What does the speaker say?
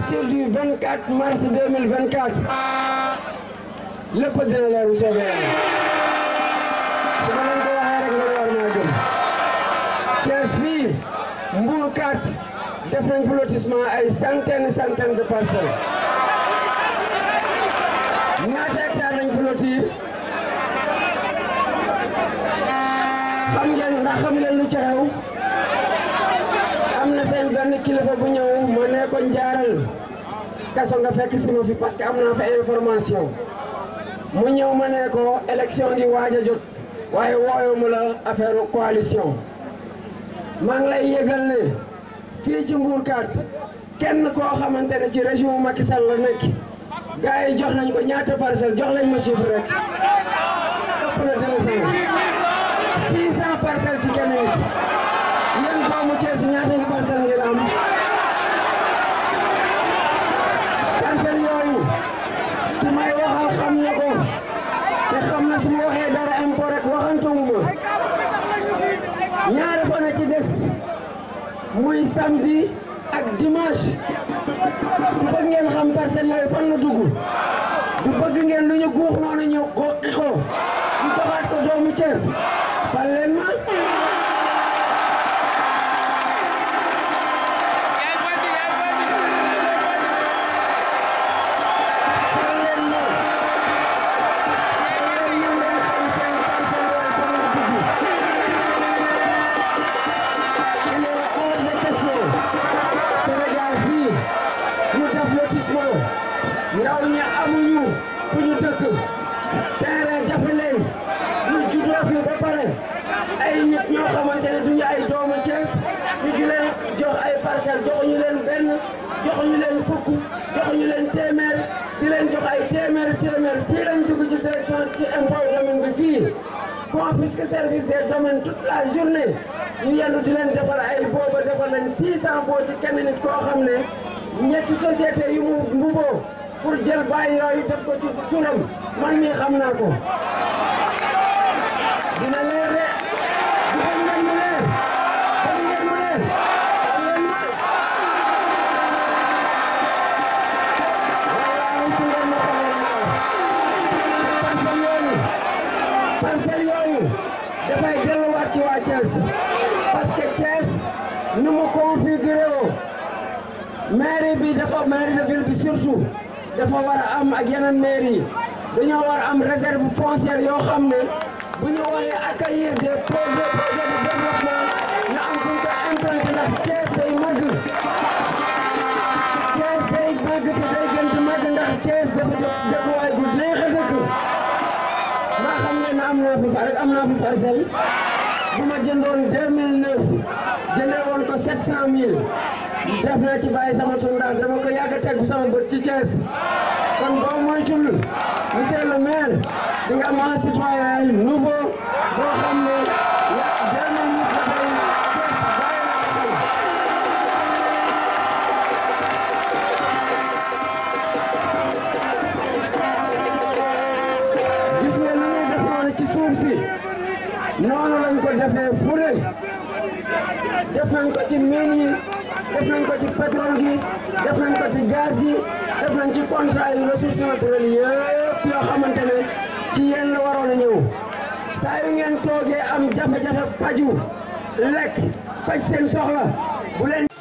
partir du 24 mars 2024 lépp dina leer bu soobee yàlla su ma leen ko waxee rek loolu war naa gëm def nañ fi ay centaine centaine de parcelles ñaata hectare lañ fi lotir xam ngeen ndax xam ngeen lu ci xew benn kilifa bu ñëw ma ne ko njaaral kaso nga fekk si ma fi parce que am naa fa information mu ñëw ma ne ko élection ngi waaj a jot waaye wooyuma la affaire coalition maa ngi lay yëgal ne fii ci Mbourkat kenn koo xamante ne ci régime Macky Sall la nekk gars yi jox nañ ko ñaata parcelle jox lañ ma chiffre rek ëpp ci kenn muy samedi ak dimanche du bëgg ngeen xam parcelle yooyu fan la dugg du bëgg ngeen lu ñu guux noonu ñu teral ñu leen benn joxuñu leen fukk joxuñu leen téeméer di leen jox ay téeméer téeméer fii lañ dugg ci direction ci impôt domaine bi fii confisque service des domaines toute la journée ñu yendu di leen defal ay booba defal lañ 600 boo ci kenn nit koo xam ne ñetti société yu mu mbuboo pour jël bàyyi yooyu def ko ci turam man mii xam naa ko ci waa Thiès parce que Thiès nu mu configuré woo mairie bi dafa mairie de ville bi surtout dafa war a am ak yeneen mairie dañoo war a am réserve foncière yoo xam ne bu ñu waree accueillir des projets projets de développement na am fu ñu ko implanté ndax Thiès day màgg Thiès day màgg te day gën di màgg ndax Thiès dafa dëkkuwaay gu neex a dëkk maa xam ne na am naa fi par am naa fi parcelle jëndoon 2009 jëndee woon ko 700000 def naa ci bàyyi sama tur ndax dama ko yàgg a teg sama bët ci Thiès kon boo moytul monsieur le maire di nga am un boo xam ne defee fu def nañ ko ci mine yi def nañ ko ci pétrole gi def nañ ko ci gaz yi def nañ ci contrat yu ressources naturelles yëpp yoo xamante ne ci yéen waroon a ñëw saa yu ngeen toogee am jafe-jafe paju lekk paj seen soxla bu